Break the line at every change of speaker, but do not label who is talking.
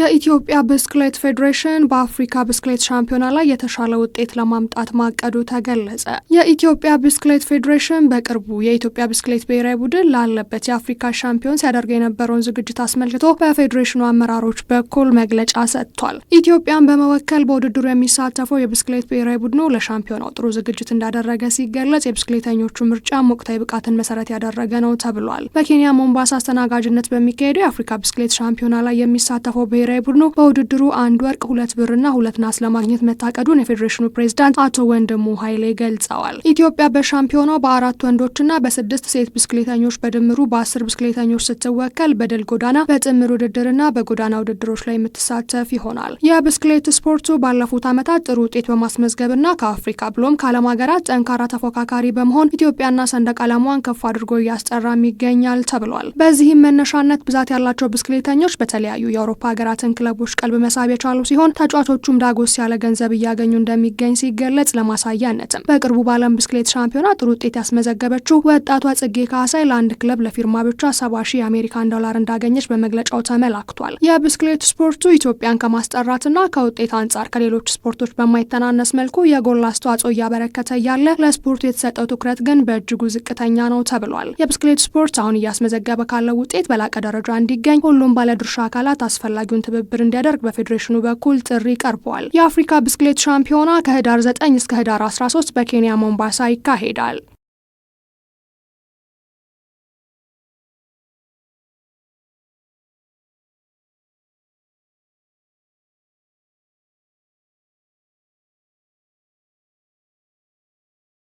የኢትዮጵያ ብስክሌት ፌዴሬሽን በአፍሪካ ብስክሌት ሻምፒዮና ላይ የተሻለ ውጤት ለማምጣት ማቀዱ ተገለጸ። የኢትዮጵያ ብስክሌት ፌዴሬሽን በቅርቡ የኢትዮጵያ ብስክሌት ብሔራዊ ቡድን ላለበት የአፍሪካ ሻምፒዮን ሲያደርገው የነበረውን ዝግጅት አስመልክቶ በፌዴሬሽኑ አመራሮች በኩል መግለጫ ሰጥቷል። ኢትዮጵያን በመወከል በውድድሩ የሚሳተፈው የብስክሌት ብሔራዊ ቡድኑ ለሻምፒዮናው ጥሩ ዝግጅት እንዳደረገ ሲገለጽ፣ የብስክሌተኞቹ ምርጫ ወቅታዊ ብቃትን መሰረት ያደረገ ነው ተብሏል። በኬንያ ሞምባሳ አስተናጋጅነት በሚካሄደው የአፍሪካ ብስክሌት ሻምፒዮና ላይ የሚሳተፈው ብሔራዊ ብሔራዊ ቡድኑ በውድድሩ አንድ ወርቅ ሁለት ብርና ሁለት ናስ ለማግኘት መታቀዱን የፌዴሬሽኑ ፕሬዚዳንት አቶ ወንድሙ ኃይሌ ገልጸዋል። ኢትዮጵያ በሻምፒዮኗ በአራት ወንዶችና በስድስት ሴት ብስክሌተኞች በድምሩ በአስር ብስክሌተኞች ስትወከል በድል ጎዳና በጥምር ውድድርና በጎዳና ውድድሮች ላይ የምትሳተፍ ይሆናል። የብስክሌት ስፖርቱ ባለፉት ዓመታት ጥሩ ውጤት በማስመዝገብና ከአፍሪካ ብሎም ከዓለም ሀገራት ጠንካራ ተፎካካሪ በመሆን ኢትዮጵያና ሰንደቅ ዓላማዋን ከፍ አድርጎ እያስጠራም ይገኛል ተብሏል። በዚህም መነሻነት ብዛት ያላቸው ብስክሌተኞች በተለያዩ የአውሮፓ ሀገራት ያላትን ክለቦች ቀልብ መሳብ የቻሉ ሲሆን ተጫዋቾቹም ዳጎስ ያለ ገንዘብ እያገኙ እንደሚገኝ ሲገለጽ ለማሳያነትም በቅርቡ በዓለም ብስክሌት ሻምፒዮና ጥሩ ውጤት ያስመዘገበችው ወጣቷ ጽጌ ካሳይ ለአንድ ክለብ ለፊርማ ብቻ ሰባ ሺህ የአሜሪካን ዶላር እንዳገኘች በመግለጫው ተመላክቷል። የብስክሌት ስፖርቱ ኢትዮጵያን ከማስጠራትና ከውጤት አንጻር ከሌሎች ስፖርቶች በማይተናነስ መልኩ የጎላ አስተዋጽኦ እያበረከተ እያለ ለስፖርቱ የተሰጠው ትኩረት ግን በእጅጉ ዝቅተኛ ነው ተብሏል። የብስክሌት ስፖርት አሁን እያስመዘገበ ካለው ውጤት በላቀ ደረጃ እንዲገኝ ሁሉም ባለድርሻ አካላት አስፈላጊውን ትብብር እንዲያደርግ በፌዴሬሽኑ በኩል ጥሪ ቀርቧል። የአፍሪካ ብስክሌት ሻምፒዮና ከህዳር 9 እስከ ህዳር 13 በኬንያ ሞምባሳ ይካሄዳል።